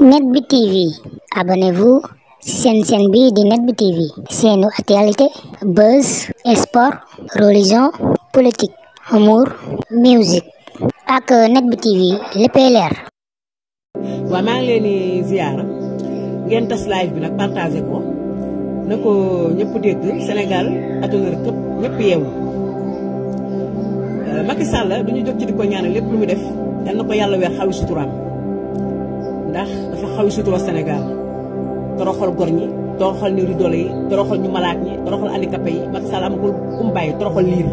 net bi tv abonnez-vous seen seen bi di net bi tv seenu actualité buzz sport religion politique humour musique ak net bi tv léppay leer waaw maa ngi leen di ziyaara ngeen tas live bi nag partagé ko na ko ñëpp dégg Sénégal atonor këpp ñëpp yeewu euh, Macky Sall du ñu ci di ko ñaanal lépp lu mu def yal na ko yàlla weer xawi suturaam ndax dafa xaw sutura Sénégal toroxal gor ñi toroxal néew di doole yi toroxal ñu malaat ñi toroxal handicapé yi Macky Sall amagul ku mu bàyyi toroxal liir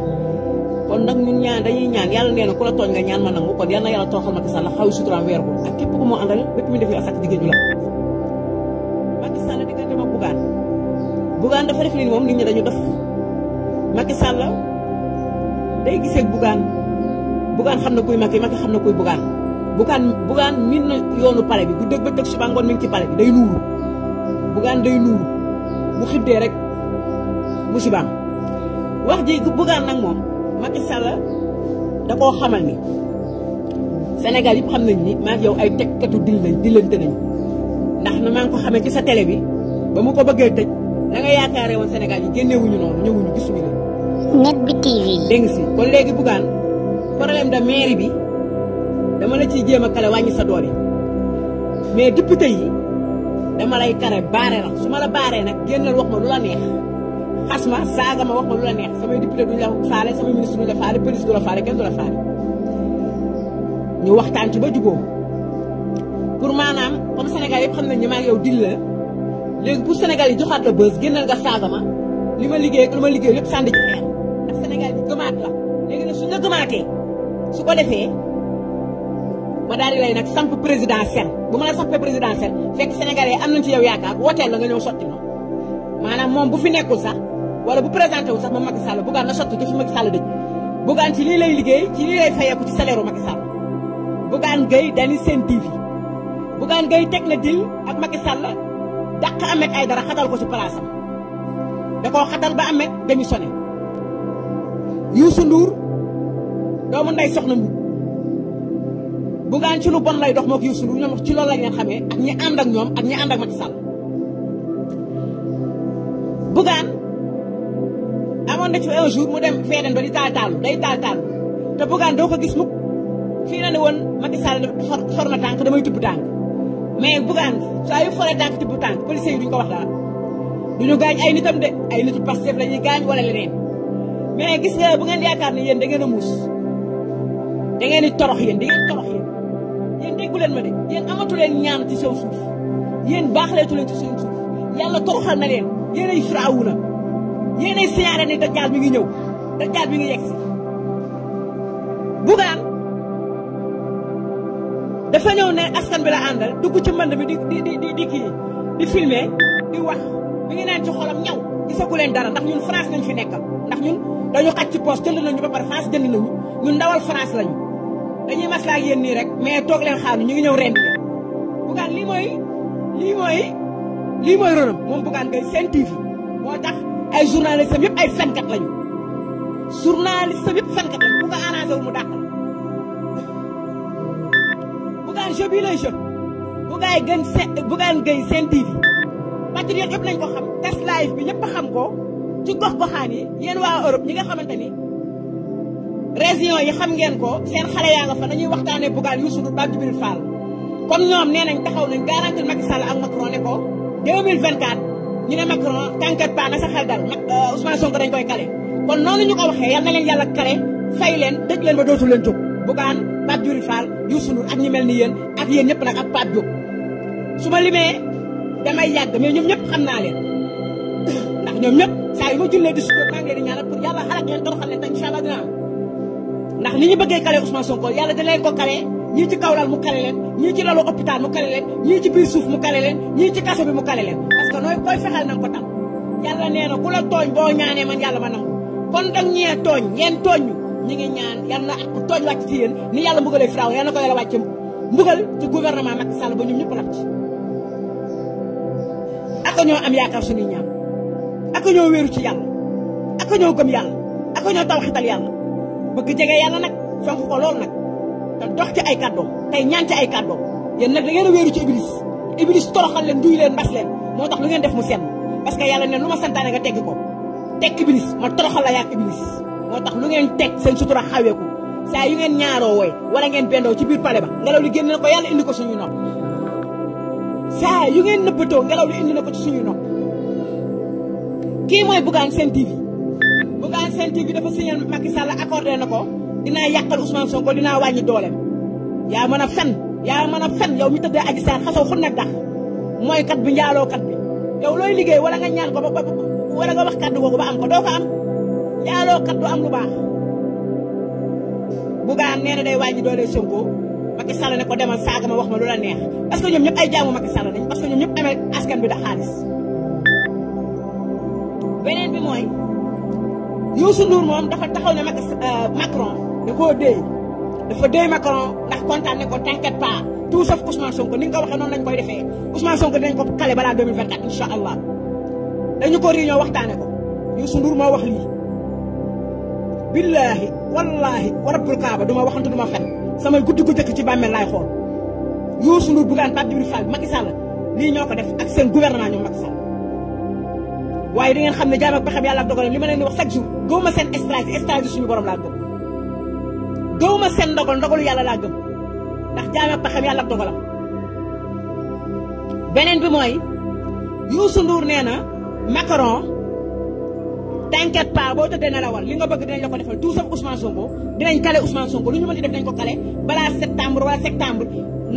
kon nag ñun ñaan dañuy ñaan yàlla nee na ku la tooñ nga ñaan ma nangu kon yàlla na yàlla toroxal Macky Sall xaw suturaam weer ko ak képp ku moo àndal bépp mi def yu asak jigéen ñu la Macky Sall diggante ma Bougane Bougane dafa def li moom nit ñi dañu def Macky Sall day gisee Bougane Bougane xam na kuy Macky Macky xam na kuy Bougane bugaan bugaan miin na yoonu pale bi bu dëgg ba dëgg suba ngoon mi ngi ci pale bi day nuuru bugaan day nuuru bu xibdee rek mu wax ji bugaan nag moom Macky Sall da koo xamal ni Sénégal yëpp xam nañ ni maa yow ay tekkatu dil nañ ndax na maa ngi ko xamee ci sa télé bi ba mu ko bëggee tëj da nga yaakaare woon Sénégal yi génneewuñu noonu ñëwuñu gisuñu leen. Net bi TV. dégg si kon léegi bugaan problème de mairie bi. dama la ciy jéem a kale wàññi sa doole mais député yi dama lay kare baare la su ma la baaree nag génnal wax ma lu la neex xas ma saaga ma wax ma lu la neex samay député duñ la faale samay ministre duñ la faale police du la faale kenn du la faale ñu waxtaan ci ba juboo pour maanaam comme Sénégal yëpp xam nañ ne maa ngi yow dil la léegi pour Sénégal yi joxaat la bës génnal nga saaga ma li ma liggéey ak lu ma liggéey lépp sànni ci xeer ndax Sénégal yi su ko defee ma daal di lay nag samp présidentielle bu ma la sampee présidentielle fekk sénégalais am nañ ci yow yaakaar wooteel la nga ñëw sotti noonu maanaam moom bu fi nekkul sax wala bu présenté wu sax moom Macky Sall bugaan na sotti ci fi Macky Sall dëj bugaan ci liggéey ci lii lay fayeeku ci salaire u Macky Sall bugaan gay dañuy seen diifi bugaan gay teg na dil ak Macky Sall dàq Ahmed Aïdara xatal ko ci place am da koo xatal ba Ahmed démissionné Youssou Ndour doomu ndey soxna Ndour Bougane ci lu bon lay dox moo ko Youssou Ndour ñoom ci loolu lañ leen xamee ak ñi ànd ak ñoom ak ñi ànd ak Macky Sall Bougane amoon na ci un jour mu dem fee dem di taal taalu day taal taalu te Bougane doo ko gis mukk fii na ne woon Macky Sall for for na tànk damay tibb tànk mais Bougane saa yu foree tànk tibb tànk policiers yi duñ ko wax dara duñu gaañ ay nitam de ay nitu Pastef la gaañ wala leneen mais gis nga bu yaakaar ne yéen da ngeen a muus da ngeen di torox yéen da ngeen yéen déggu leen ma de yéen amatu leen ñaan ci seen suuf yéen baaxleetu leen ci seen suuf yàlla toroxal na leen yéen ay firaawu yéen ay siyaare ni dajjaal ngi ñëw dajjaal bi ngi yegg si bugaan dafa ñëw ne askan bi la àndal dugg ci mbënd di di di kii di filmé di wax mi ngi naan ci xolam ñaw gisagu leen dara ndax ñun France lañ fi nekkal ndax ñun dañu xaj ci poos jënd ba pare France jënd nañu ñun ndawal France lañu. dañuy maslaa yéen nii rek mais toog leen xaar ñu ngi ñëw ren bi bugaan lii mooy lii mooy lii moom bugaan ngay seen TV moo tax ay journaliste am yëpp ay fenkat lañu journaliste am fenkat lañu bu ko arrangé wu mu dàq la bugaan jeu gën seen bugaan ngay seen TV patriote yëpp nañ ko xam test live bi ñëpp xam ko ci gox goxaan yi yéen waa Europe ñi nga xamante ni région yi xam ngeen ko seen xale yaa nga a dañuy waxtaanee Bougane Youssou Ndour Pape Djibril Fall comme ñoom nee nañ taxaw nañ garantir ak Macron ne ko 2024 ñu ne Macron t'inquiète pas na sa xel dal euh, kale kon noonu ñu ko waxee yal na leen yàlla kale fay leen tëj leen ba dootul leen jóg Bougane Pape Djibril Fall Youssou Ndour ak ñi ni yéen ak yéen ñëpp nag ak Pape Diop su ma limee damay yàgg mais ñoom ñëpp xam naa leen ndax ñoom ñëpp saa ma jullee di suba maa ngi leen di ñaanal ndax ni ñu bëggee kale Ousmane Sonko yàlla da leen ko kale ñii ci kawlal mu kale ñii ci lalu mu kale ñii ci biir suuf mu kale leen ñii ci kaso bi mu kale leen parce que nooy koy fexeel na nga ko tam yàlla nee na ku la tooñ boo ñaanee man yàlla ma nangu kon dag ñee tooñ ngeen tooñ ñu ngi ñaan yal na ak tooñ wàcc ni yàlla mbugalee firaaw yal na ko yàlla wàcce mbugal ci gouvernement Macky Sall ba ñoom ñëpp ñoo am yaakaar suñuy ñaan ñoo wéeru ci yàlla bëgg jege yàlla nag fonk ko lool nag te dox ci ay kàddoom tey ñaan ci ay kàddoom yéen nag da ngeen a wéeru ci iblis iblis toroxal leen duy leen mbas leen moo tax lu ngeen def mu senn parce que yàlla ne lu ma santaane nga tegg ko tekk iblis ma toroxal la yaak iblis moo tax lu ngeen teg seen sutura xaweeku saa yu ngeen ñaaroo wooy wala ngeen bendoo ci biir pale ba ngelaw li génn na ko yàlla indi ko suñuy nopp saa yu ngeen nëbbatoo ngelaw li indi na ko ci suñuy nopp kii mooy Bougane Sen TV Sen TV dafa signal Macky Sall accordé na ko dinaa yàqal Ousmane Sonko dinaa wàññi dooleem yaa mën a fen yaa mën a fen yow mi tëddee Adji Sarr xasaw xun nag dax mooy kat bi njaaloo kat bi yow looy liggéey wala nga ñaan ko ba ba ko doo ko am neex parce que ñëpp ay jaamu Macky Sall dañ parce que ñoom ñëpp amee askan bi da beneen bi mooy Youssou Ndour moom dafa taxaw ne Macky euh, Macron dafa déy Macron ndax kontaan ne ko t'inquiète pas tout sauf Ousmane Sonko ni nga ko waxee noonu lañ koy defee Ousmane Sonko dinañ ko kale balaa 2024 incha allah dañu ko réunion waxtaane ko Youssou Ndour moo wax lii. billaahi wallaahi wa rabbul kaaba duma waxantu duma fen samay guddi gu jëkk ci bàmmeel laay xool Youssou Ndour Bougane Pape Djibril Fall Macky Sall lii ñoo ko def ak seen gouvernement ñoom Macky Sall waaye di ngeen xam ne jaam ba pexem yàlla ak dogalam li ma leen di wax chaque jour gëwuma seen stratégie stratégie suñu borom laa gëm gëwuma seen ndogal ndogalu yàlla laa gëm ndax jaam ak pexem yàlla ak dogalam beneen bi mooy Youssou Ndour nee na Macron t'inquiète pas boo tëddee nelawal li nga bëgg dinañ la ko defal tout sauf Ousmane Sonko dinañ kale Ousmane Sonko lu ñu mën di def dinañ ko kale balaa septembre wala septembre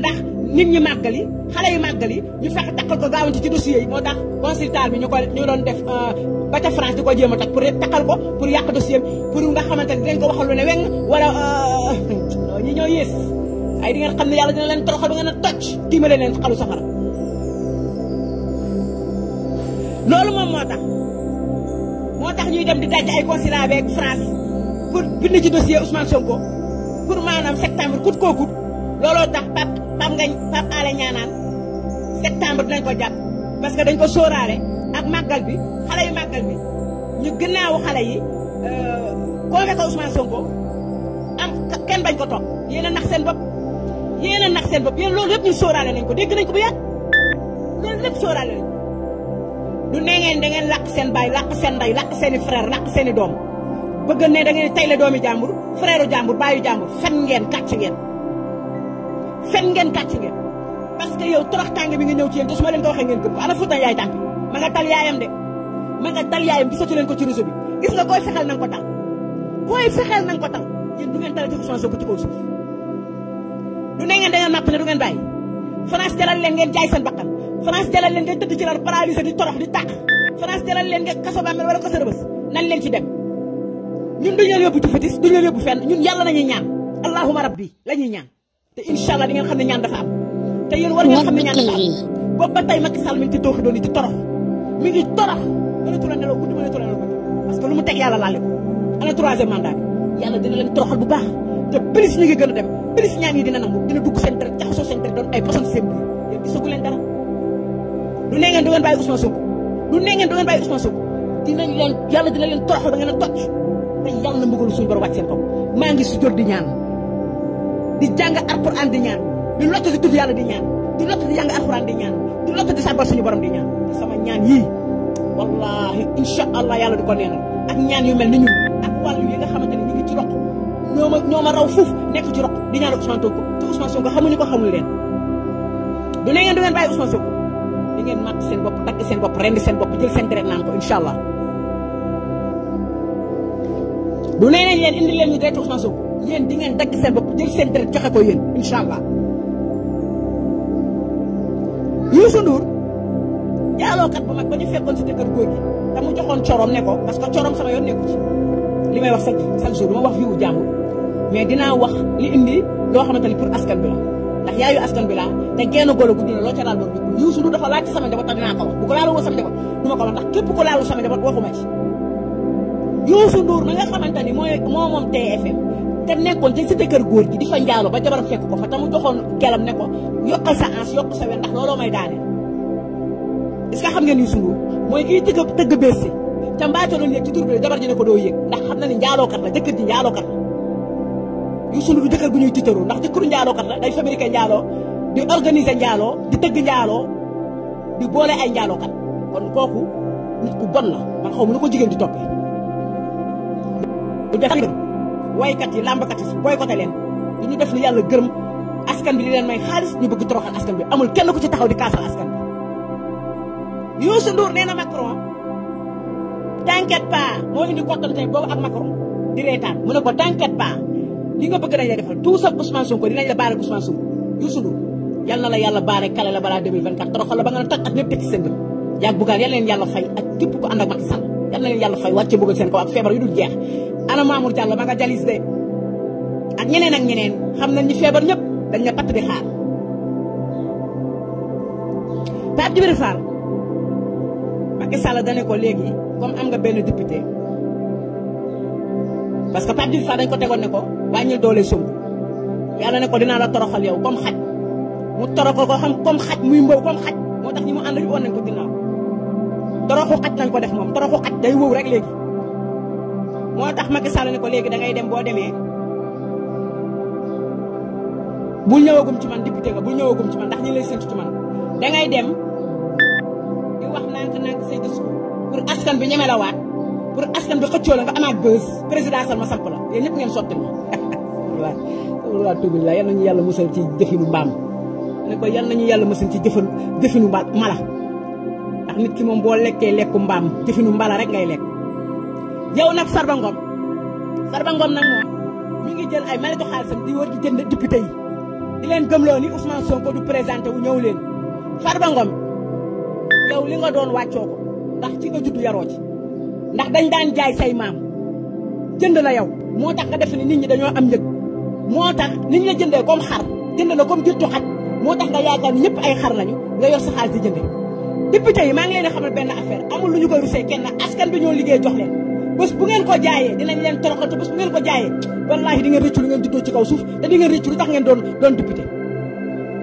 ndax nit ñi màggali xale yi màggali ñu fexe takkal ko gaawanti ci dossier yi moo tax consultant bi ñu ko ñu doon def euh, ba ca France di ko jéem a toj pour takkal ko pour yàq dossier pour ne dañ ko waxal ne weng wala euh, ñi ñoo yées ay di ngeen xam ne yàlla dina leen toroxal ba ngeen a toj tiimale leen xalu safara loolu moom moo tax moo tax ñuy dem di daj ay consulat beeg France pour bind ci dossier Ousmane Sonko pour maanaam septembre coûte que coûte looloo tax pap pap ngañ ñaanaan septembre dinañ ko jàpp parce que dañ ko sóoraale ak màggal bi xale yu màggal bi ñu gënnaawu xale yi kooke euh, ko Ousmane Sonko am kenn bañ ko topp yéen a nax seen bopp yéen a bopp yéen loolu yëpp ñu sóoraale nañ ko dégg nañ ko bu yàgg loolu lépp sóoraale nañ du ne ngeen da ngeen làq seen baay i frère làq i doom bëgg ne da ngeen tay doomi jàmbur frère u jàmbur baayu jàmbur fen ngeen kàcc ngeen fen ngeen kàcc ngeen parce que yow toroxtaange bi nga ñëw ci yen te su ma leen ko waxee ngeen gëm ko ana Fouta yaay tàpp ma nga tal de ma nga tal yaayam gisatu ko ci réseau bi gis nga koy fexeel na nga ko tal koy fexeel na nga ko tal yéen du ngeen tala ci Ousmane Sonko suuf du ne ngeen da ngeen napp ne du ngeen bàyyi France jalal leen jaay seen bakkan France jalal leen ngeen tëdd ci lal paralysé di torox di tàq France jalal leen ngeen kaso bàmmeel ci dem ñun duñ leen yóbbu ci fétis duñ leen yóbbu fenn ñun yàlla nañuy ñaan te incha allah di ngeen xam ne ñaan dafa am. te yéen war ngeen xam ne ñaan dafa am boobu ba tey Macky Sall mi ngi ci tooxi doon di torox mi ngi torox mënatu la nelaw guddi mënatu la nelaw parce que lu mu teg yàlla laale ko ana troisième mandat bi yàlla dina leen toroxal bu baax te plus ñu ngi gën a dem plus ñaan yi dina nangu dina dugg seen dara jaxasoo seen dara doon ay poson seen biir yéen gisagu leen dara du ne ngeen du ngeen bàyyi Ousmane Sonko du ne ngeen du ngeen bàyyi Ousmane Sonko dinañ leen yàlla dina leen toroxal ba ngeen a toj te yàlla na mbugalu suñu borom wàcc seen kaw maa ngi su jot di ñaan di jàng alxuraan di ñaan di lottu di tudd yàlla di ñaan di lottu di jàng alxuraan di borom di ñaan te sama ñaan yii wallahi incha allah yàlla di ko neenal ak ñaan yu na ni ñun ak wàllu yi nga xamante ne ñu ngi ci ñoo ma ñoo ma raw fuuf nekk ci roq di ñaan Ousmane Sonko te Ousmane Sonko xamuñu ko xamul leen du ne ngeen du ngeen bàyyi Ousmane Sonko seen bopp dagg seen bopp rendi seen bopp jël seen deret naan ko incha allah du ne leen indi leen ñu direct yéen di ngeen dagg seen bopp jël seen deret joxe ko yéen incha allah Youssou Ndour jaalookat bu mag ba ñu fekkoon si kër góor gi te mu joxoon corom ne ko parce que corom sama yoon nekku ci li may wax chaque chaque jour du wax viwu jàmbur mais dinaa wax li indi loo xamante ni pour askan bi la ndax yaayu askan bi la te genn góor a gudd loo ca laal loolu bi Youssou Ndour dafa laaj ci sama njaboot tax dinaa ko wax bu ko laalu woon sama njaboot waxuma ci Youssou Ndour ma nga mooy moo te nekkoon ci cité kër góor gi di fa ba jabaram fekk ko fa tamu joxoon gelam ne ko yokkal sa ans yokk sa wen ndax looloo may daaneel xam ngeen Youssou Ndour mooy kii tëgg tëgg bés si te mbaacoo doon yëg ci tur bi jabar ji ne ko doo yëg ndax xam na ni njaalookat la jëkkër ji njaalookat la Youssou Ndour du jëkkër gu ñuy tiitaroo ndax jëkkëru njaalookat la day fabriqué njaaloo di organiser njaaloo di tëgg njaaloo di boole ay njaalookat kon kooku nit ku bon la man xaw ma ko jigéen di toppee waykat yi làmbkat yi boycotté leen di ñu def li yàlla gërëm askan bi di leen may xaalis ñu bëgg toroxal askan bi amul kenn ku ci taxaw di kaasal askan bi Youssou Ndour nee na Macron t'inquiète pas moo indi kottante boobu ak Macron di reetaan mu ne ko t'inquiète pas li nga bëgg dañ lay defal tout sauf Ousmane Sonko dinañ baare Ousmane Sonko Youssou Ndour yal yàlla baare kale la balaa 2024 toroxal la ba nga a toj ak ñëpp teg ci seen bët yal na leen yàlla fay wàcce bëggal seen kaw ak feebar yu dul jeex ana Mamour Diallo ma nga jalis de ak ñeneen ak ñeneen xam nañ ñi feebar ñëpp dañ ne patt di xaar Pape Djibril Fall Macky Sall dane ko léegi comme am nga benn député parce que Pape Djibril Fall dañ ko tegoon ne ko wàññil doole Sonko yàlla ne ko dinaa la toroxal yow comme xaj mu toroxal ko xam comme xaj muy mbow comme xaj moo tax ñi mu ànd ñu woon nañ ko ginnaaw toroxu xaj lañ ko def moom toroxu xaj day wëw rek léegi moo tax Macky Sall ne ko léegi dangay dem boo demee bul ñëwagum ci man député nga bul ñëwagum ci man ndax ñi lay séntu ci man da ngay dem di wax nànk-nànk say discours pour askan bi ñeme la waat pour askan bi xëccoo nga amaat bës présidentiel ma samp la yéen ñëpp ngeen sotti ma waaw waaw tugul la yal nañu yàlla musal ci jëfinu mbaam ne ko yal nañu yàlla musal ci jëfan jëfinu mala nit ki moom boo lekkee lekku mbaam tifinu mbala rek ngay lekk yow nag Farba Ngom Farba Ngom nag moom ngi jël ay maletu xaalisam di wër di jënd député yi di leen gëmloo ni Ousmane Sonko du présenté wu ñëw leen Farba Ngom yow li nga doon wàccoo ko ci nga juddu yaroo ndax dañ daan jaay say maam jënd la yow moo tax nga def ni nit ñi dañoo am njëg moo tax nit ñi la jëndee comme xar jënd la comme jurtu xaj moo tax nga yaakaar ni ñëpp ay xar nañu nga yor sa xaalis député yi maa ngi leen di xamal benn affaire amul lu ñu koy rusee kenn askan bi ñoo liggéey jox leen bés bu ngeen ko jaayee dinañ leen toroxal te bés bu ngeen ko jaayee wallaahi di ngeen rëccu lu ci kaw suuf te di ngeen rëccu lu tax doon doon député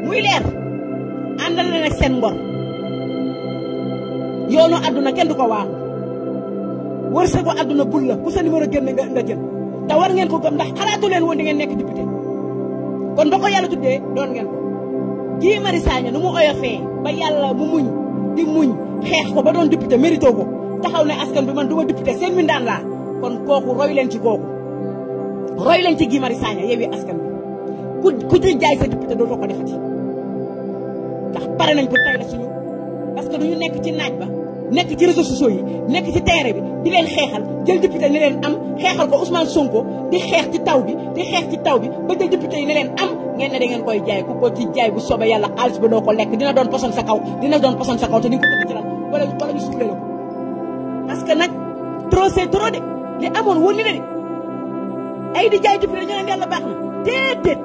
muy leer àndal na nag seen ngor yoonu kenn du ko waaru wërsëgu àdduna bul la ku sa numéro génn nga nga jël te war ngeen ko gëm na xalaatu leen woon di ngeen nekk député kon ba ko yàlla tuddee doon ngeen ko Guy Marius Sagna di muñ xeex ko ba doon député mérito ko taxaw ne askan bi man du ma député seen mindaan laa kon kooku roy leen ci kooku roy leen ci Guy Marius Sagna askan bi ku ku ci jaay sa député dootoo ko defati ndax pare nañ pour tay na suñu parce que duñu nekk ci naaj ba nekk ci réseaux sociaux yi nekk ci terrain bi di leen xeexal jël député ni leen am xeexal ko Ousmane Sonko di xeex ci taw bi di xeex ci taw bi ba jël député yi ne leen am ngeen ne da ngeen koy jaay ku ko ci jaay bu soobee yàlla xaalis ba doo ko lekk dina doon poson sa kaw dina doon poson sa kaw te ni ko tëdd la ko parce que nag trop c'est trop de li amoon wóor de na déedéet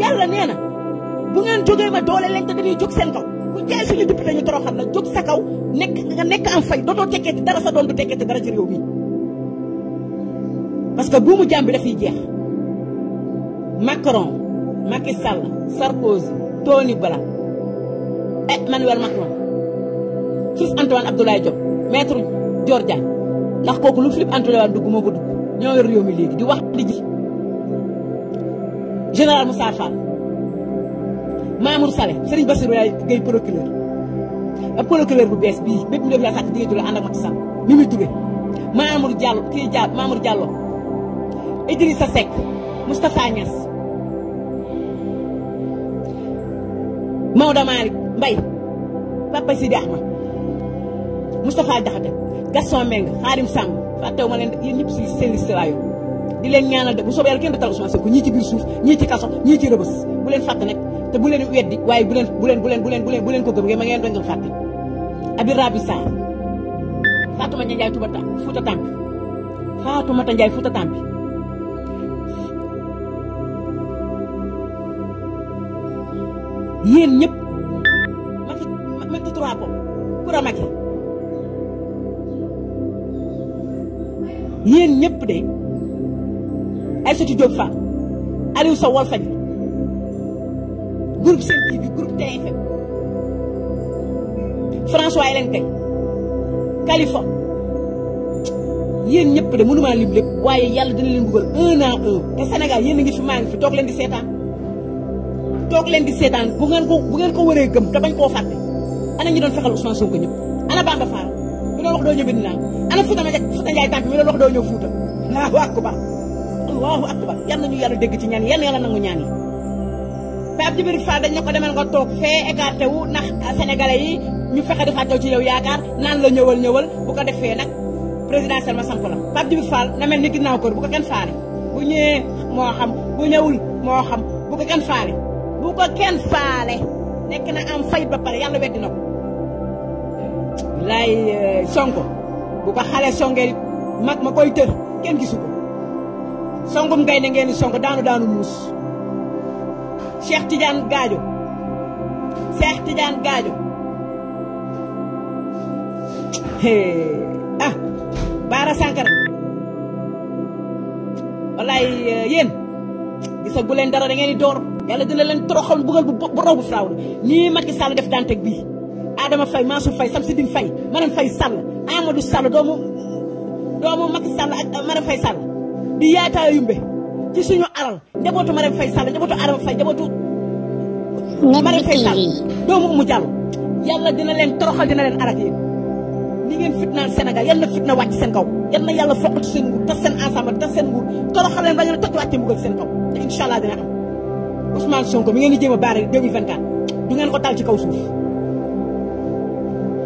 yàlla nee na bu ngeen jógee ma doole seen kaw. ku jaay suñu député ñu toroxal la jóg sa kaw nekk nga nekk am fay dootoo tekkeeti dara sa doon du tekkeeti dara ci mi parce que buumu jàmm bi dafay jeex Macron Macky Sall Sarkozy Tony Blair eh, Emmanuel Macron fils Antoine Abdoulaye Diop maître ndax kooku lu Philippe Antoine Wade dugg moo ñoo yor réew léegi di wax di ji général Moussa Fall Mamour Salé Serigne Bassirou Laye bu bees bii bépp ñu def la sàcc di nga jula ànd ak Macky Sall mi muy Touré Mamour Diallo kii Diallo Mamour Maodo Malick Mbaye Papa Sidi Ahmad Moustapha Diakhaté Gaston Mbengue Xaarim Samb fàttewu ma leen yéen ñëpp si seen liste laa di leen ñaanal de bu soobee yàlla kenn du tal Ousmane Sonko ñii suuf ñii ci kaso ñii ci rëbës bu leen fàtte nag te bu leen weddi waaye bu leen bu leen bu leen bu leen bu leen ko gëm ngeen ma ngeen doon doon fàtte Abi Rabi Sarr Fatoumata Ndiaye Fouta Tampi Fatoumata Ndiaye Fouta yéen ñëpp Macky Macky trois pommes pour a Macky yéen ñëpp de Aïssatou Diop Fall Aliou Sow Walfadjri groupe Sen TV groupe TFM François Hélène Tey Khalifa yéen ñëpp de mënumaa lim lépp waaye yàlla dina leen dugal un à un te Sénégal yéen a ngi fi maa ngi fi toog leen di seetaan toog leen di seetaan bu ngeen ko bu ngeen ko waree gëm te bañ koo fàtte ana ñu doon fexal Ousmane Sonko ñëpp ana Bamba Fall mi doon wax doo ñëw Medina ana Fouta Fouta Ndiaye tànk mi doon doo ñëw Fouta allahu akbar allahu akbar yan nañu yàlla dégg ci ñaan yan yàlla nangu ñaan yi Pape Djibril Fall dañ ne ko demal nga toog fee écarté wu ndax sénégalais yi ñu fexe di xàccoo ci yow yaakaar naan la ñëwal ñëwal bu ko defee nag présidentiel ma samp la Pape Djibril Fall na mel ni ginnaaw kër ko kenn faale bu ñëwee moo xam bu ñëwul moo xam bu ko kenn faale bu ko kenn faale nekk na am fayit ba pare yàlla weddi na ko lay euh, sonko bu ko xale songee mag ma koy tër kenn gisu ko songum gay na sonko daanu daanu muus Cheikh Tidiane Gadio Cheikh Tidiane Gadio ah Bara Sankara wallaay euh, yéen gisagu leen dara da ngeen di door yàlla dina leen toroxal bugal bu bu raw bu faaw nii Macky Sall def Dantec bii. Adama Faye Mansour Faye Samsidine Faye Marème Faye Sall Amadou Sall doomu doomu Macky Sall ak Marème Faye Sall di yaataa yumbe ci suñu alal njabootu Marème Faye Sall njabootu dina leen arak yéen. li ngeen fitnaan Sénégal yal na fitna wàcc sen kaw yal na yàlla foqati seen nguur tas seen ensemble tas seen nguur toroxal leen ba ngeen a toj mbugal seen kaw te dina am Ousmane Sonko mi ngeen di jéem a baare 2024 du ngeen ko taal ci kaw suuf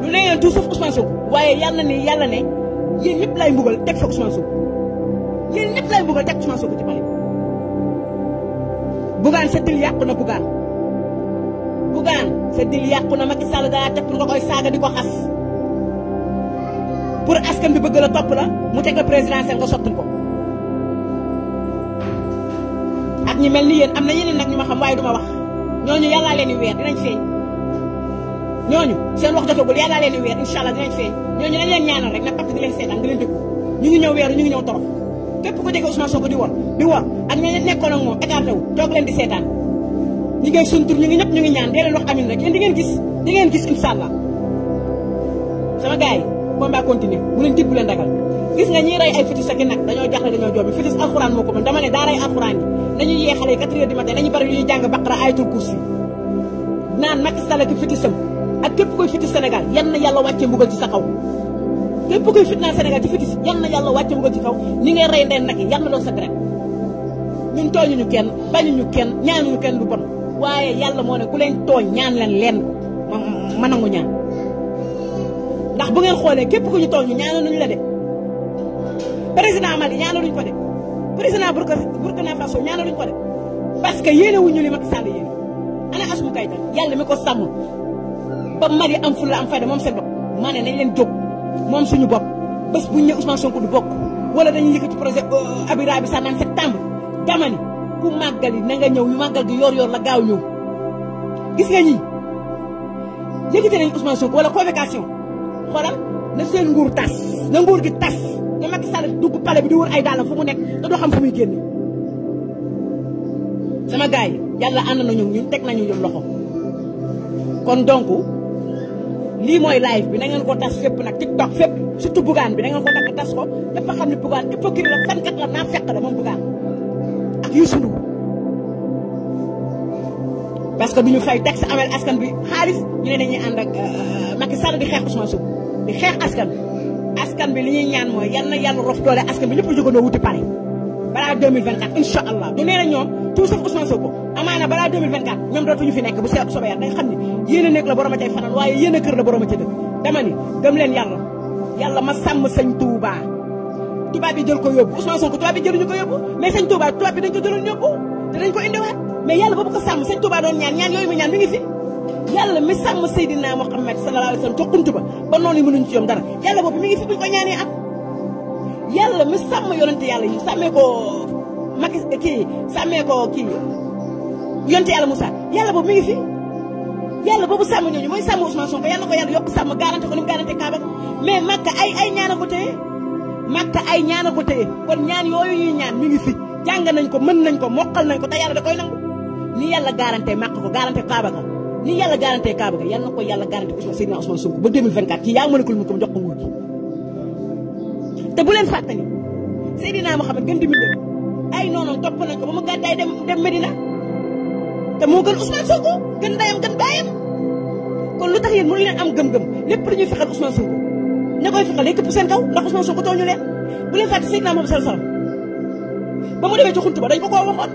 lu ne ngeen tout sauf Ousmane waaye yàlla ne yàlla ne yéen ñëpp laay mbugal teg fa Ousmane Sonko yéen ñëpp laay mbugal teg Ousmane Sonko ci palais Bougane sa dil yàqu na Bougane Bougane sa dil yàqu na Macky Sall daa teg pour nga koy saaga di ko xas pour askan bi bëgg la topp la mu teg la présidentielle nga sottul ko ñi mel ni yéen am na ñeneen nag ñu ma xam waaye du ma wax ñooñu yàllaa leen di weer dinañ feeñ ñooñu seen wax jotagul yàllaa leen weer incha allah dinañ feeñ ñooñu dañ leen ñaanal rek na pàcc seetaan di leen ñu ngi ñëw weeru ñu ngi ñëw torox képp ku dégg Ousmane Sonko di war di war ak ñeneen nekkoon ak moom écarté wu toog leen di seetaan ñi ngay suñ ñu ngi ñëpp ñu ngi ñaan dee leen wax amin rek yéen di ngeen gis di ngeen gis incha sama gars nga ñiy rey ay fitis ak nag dañoo jaxle dañoo joobi fitis alxuraan moo ko mën dama ne daa rey alxuraan nañu yee xale yi quatre heures du matin nañu bari ñuy jàng baqara ayatul kursi naan Macky Sall ak fitisam ak képp koy fitis senegal yan na yàlla wàccee mbugal ci sa kaw képp koy fitnaa Sénégal ci fitis yan na yàlla wàccee mbugal ci kaw ñi ngay rey ndeen nag yi yan na doon sa deret ñun tooñuñu kenn bañuñu ñu ñaanuñu kenn lu bon waaye yàlla moo ne ku leen tooñ ñaan leen leen ma nangu ñaan ndax bu ngeen xoolee képp ku ñu tooñ ñaanal nañu la de président Mali ñaanal nañu ko de président Burkina Faso ñaanaluñ ko de parce que yéene wuñu li Macky Sall yéene ana Assimi Goïta yàlla mi ko sàmm ba Mali am fulla am fayda moom seen bopp maa ne nañ leen moom suñu bopp bés buñ ne Ousmane Sonko du bokk wala dañuy yëkkati projet euh, abira bi sax naan septembre dama ni ku màggal yi na ñëw ñu màggal gi yoor yor la gaaw ñëw gis nga ñii yëkkati nañ Ousmane Sonko wala convocation na seen nguur tas na nguur gi tas ne Macky Sall dugg pale bi di wër ay daalam fu mu nekk te doo xam fu muy génne sama gars yi yàlla ànd nañu ñun teg nañu ñun loxo kon donc lii mooy live bi na ngeen ko tas fépp nag tiktok fépp surtout bugaan bi na ngeen ko nag tas ko dafa xam ne bugaan hypocrite la fenkat la naa fekk la moom bugaan ak Youssou Ndour parce que du ñu fay tax amel askan bi xaalis ñu ne dañuy ànd ak euh, Macky Sall di xeex Ousmane Sonko di xeex askan askan bi li ñuy ñaan mooy yal na yàlla rof doole askan bi ñëpp jógandoo wuti Paris balaa 2024 incha allah du nee ñoom tout sauf amaana balaa 2024 ñoom dootuñu fi nekk bu soobee yàlla day xam ni yéen a nekk la borom a cay fanaan waaye yéen a kër la borom a ca dëkk dama ni gëm leen yàlla yàlla ma sàmm sëñ Touba tubaab bi jël ko yóbbu Ousmane Sonko tubaab bi jëluñu ko yóbbu mais sëñ Touba tubaab bi dañ ko jëloon yóbbu te dañ ko indiwaat mais yàlla boobu yàlla mi sàmm Seydina Muhammad sallallahu alayhi wa sallam ca kuntu ba ba noonu yi mënuñ ci yom dara yàlla boobu mi ngi fi buñ ko ñaanee am yàlla mi sàmm yonente yàlla yi sàmmee ko Macky kii sàmmee ko kii yonente yàlla Moussa boobu mi ngi fi yàlla boobu sàmm ñooñu mooy sàmm Ousmane Sonko yàlla ko yàlla yokk sàmm garanté ko ni mu garanté Kaaba mais Makka ay ay ñaan a ko téye Makka ay ñaan a ko téye kon ñaan yooyu ñuy ñaan mi ngi fi jàng nañ ko mën nañ ko mokkal nañ ko te da koy nangu ni yàlla garanté li yàlla garanté Kaaba ga yàlla na ko yàlla garanté Ousmane Seydina Ousmane Sonko ba 2024 kii yaa mën a ko lu mu ko jox ko nguur gi te bu leen fàttali Seydina Mouhamed gën di mu ay noonu topp ko mu gàddaay dem dem te moo gën Ousmane Sonko gën ndayam gën baayam kon lu tax yéen mënu leen am gëm-gëm lépp lu ñuy fexal Ousmane Sonko ña koy fexal day këpp seen leen bu leen fàtte Seydina Mouhamed sal salam ba mu demee ci xuntu ba dañ ko koo waxoon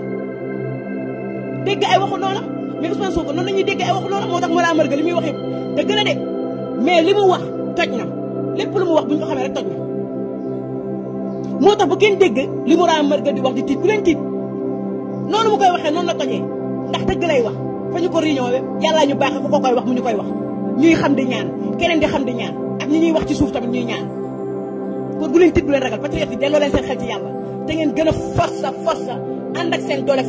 dégg ay waxu noonam mais Ousmane Sonko noonu la ñuy déggee ay wax loolu moo tax Mollah Morgun li muy wax yëpp te gën a dégg mais li mu wax toj na lépp lu wax bu ñu moo tax bu gën dégg li Mollah Morgun di wax di tiit ku leen tiit loolu mu koy waxee noonu la tojee ndax dëgg lay wax fa ñu ko réunion we yàllaa ñu baaxee ku ko koy wax mu ñu koy wax ñuy xam di ñaan keneen di xam di ñaan ak ñi ñuy wax ci suuf tamit ñuy ñaan kon bu leen tiit bu leen ragal patriote yi delloo leen seen xel ci yàlla te ngeen gën a force force ànd ak seen doole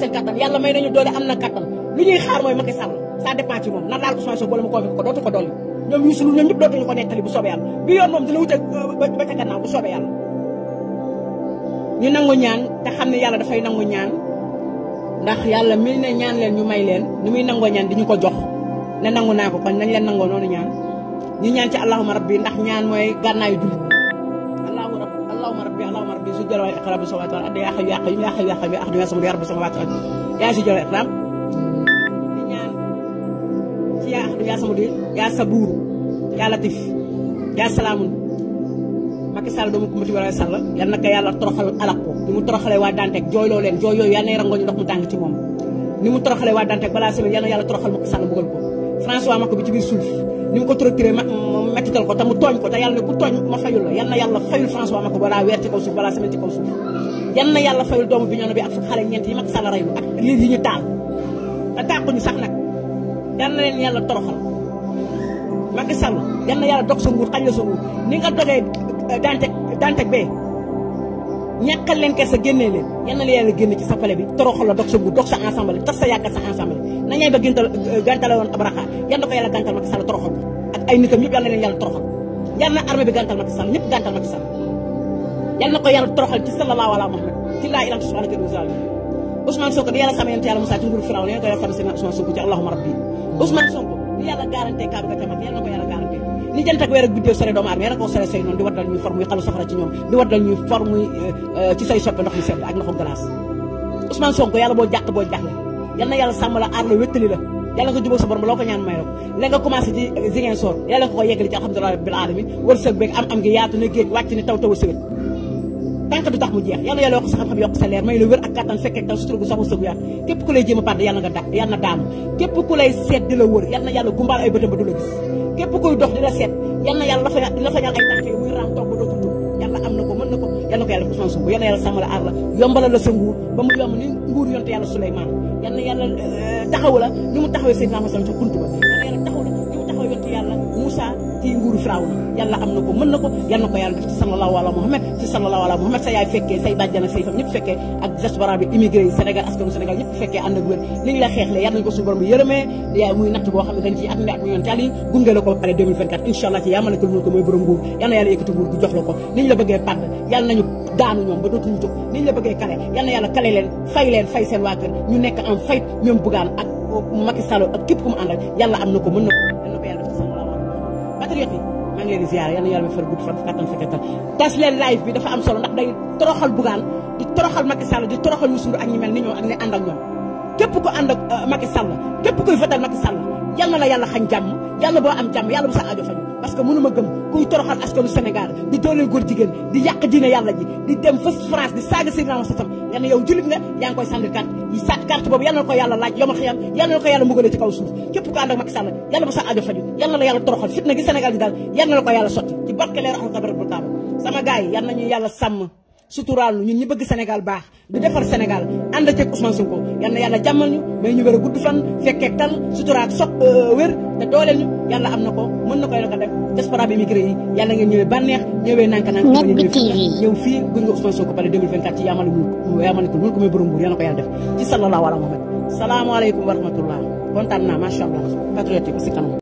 li ñuy xaar mooy Macky Sall ça dépend ci moom na laal Ousmane Sonko wala mu convoqué ko dootu ko dolli ñoom ñu sunu ñoom ñëpp dootuñu ko bu soobee yàlla bi yoon moom euh, bu soobee ñu nangu ñaan te xam yàlla dafay nangu ñaan ndax yàlla mi ne ñaan leen ñu may leen ni muy nangoo ñaan di ñu ko jox ne nangu naa ko kon nañ leen nangoo noonu ñaan ñu ñaan ci allahuma bi ndax ñaan mooy gànnaayu jullit allahuma rabbi allahuma rabbi allahuma rabbi su jëlawal iqra bi samawati wal ardi yaa xayu yaa xayu yaa xayu yaa xayu yaa xayu yaa yaa sama di yaa sa buur yaa latif yaa salaamun Macky Sall doomu Kumba Tiwaawan Sall yal na ko yàlla mu toroxalee waa Dantec jooyloo leen jooy yooyu yal na rangoñu ndox mu tàng ci moom ni mu toroxalee waa Dantec balaa semaine yal na yàlla toroxal Macky Sall bëggal ko François Macky bi ci biir ko torturé mettital ko te mu tooñ ko te yàlla ne ku tooñ ma la yal na doomu bi ñoo bi ak fukk xale ñeent yi Macky Sall rayu ak lii ñu sax nag yal na leen yàlla toroxal Macky Sall yal na yàlla dog sa nguur xañ la sa nguur ni nga dogee Dantec euh, Dantec bee ñàkkal leen kees sa génnee leen yal na la yàlla génne ci sa pale bi toroxal la dog sa nguur dog sa ensemble tas sa yaakaar sa ensemble nañay ba géntal euh, gàntale woon Abraha yal na ko yàlla gàntal Macky Sall toroxal ak ay nitam ñëpp yal na leen yàlla toroxal yal na armée bi gàntal Macky Sall ñëpp gàntal Macky Sall yal na ko yàlla toroxal ci sallallahu ala Muhammad ci laa ilaaha illa anta Ousmane Sonko di yàlla sama yonent yàlla Moussa ci nguur Firaw ne ko yàlla sama seen Ousmane Sonko ci Allahumma rabbi Ousmane Sonko di yàlla garanté ko yàlla garanté li ko sore say eh, ak ndoxu glace Ousmane Sonko yàlla boo jàq boo jàqle yal na yàlla la aar la wéttali la yàlla nga jubóo sa borom loo ko may la nga commencé ci eh, Ziguinchor yàlla nga ko yeggali ci alhamdulilah rabbil alamin wërsëg beeg am am gi yaatu na géej wàcc ni taw taw tànk du tax mu jeex yàlla yàlla yokk sa xam-xam yokk sa leer may la wér ak kattan fekk ak dal gu sax mu sëgu képp ku lay jéem a pàdd yàlla nga da yàlla na daanu képp ku lay seet di wër yàlla yàlla gumbaal ay bëtam ba képp kuy dox di la seet yàlla na yàlla lafa lafa ñal ay tànk yi muy raam toog ba dootul yàlla am na ko mën na ko yàlla ko yàlla def Ousmane Sonko yàlla yàlla sàmm la aar la yombalal sa nguur ba mu yomb ni nguur yonte yàlla Souleymane yàlla yàlla euh, taxaw la ni mu taxawee Seydina Moussa ca kuntu ba dafa wetti yàlla Moussa ci nguuru Firawna yàlla am na ko mën na ko yal na ko yàlla def ci sallallahu ala Muhammad ci sallallahu ala Muhammad sa fekkee say bàjjan ak say fam ñëpp fekkee ak diaspora bi immigré yi Sénégal askanu Sénégal ñëpp fekkee na ko yàlla nañu daanu na nekk en fayt képp ku mu àndal na ko patriote yi maa ngi leen di ziar yal na yàlla far gudd fan kattan fekk tal tas leen live bi dafa am solo ndax day toroxal Bougane di toroxal Macky Sall di toroxal Youssou Ndour ak ni ñoo ak ne ànd ñoom képp ku ànd ak euh, Macky Sall képp kuy votal Macky Sall yal na la yàlla xañ jàmm yàlla boo am jàmm yàlla bu sa aajo parce que mënuma gëm kuy toroxal askanu Sénégal di dooleel góor jigéen di yàq diine yàlla ji di dem fa France di saaga Seydina Muhammad nga ne yow jullit nga yaa koy sànni carte yi sànni carte boobu yàlla na ko yàlla laaj yomal xiyam yàlla na ko yàlla mugale ci kaw suuf képp ko ànd ak Macky Sall yàlla ba sa aajo faju yàlla la yàlla toroxal fitna gi Sénégal di daal yàlla na ko yàlla sotti ci barke leer ak kabar bu sama gars yàlla nañu suturaal ñun ñi bëgg Sénégal baax di defar Sénégal ànd ceeg Ousmane Sonko yal na yàlla jàmmal ñu may ñu wér gudd fan fekkee tal suturaak soog euh, wér te dooleel ñu yàlla am na ko mën na ko yàlla ko def diaspora bi immigré yi yàlla ngeen ñëwee bànneex ñëwee nanka nank ñëw fii gun nga Ousmane Sonko pale 2024 ci yaamale mu yaamale ko mun ko muy borom buur yal na ko yàlla def ci sallallahu ala Muhammad salaamaaleykum wa rahmatullah kontaan naa macha allah patriotique si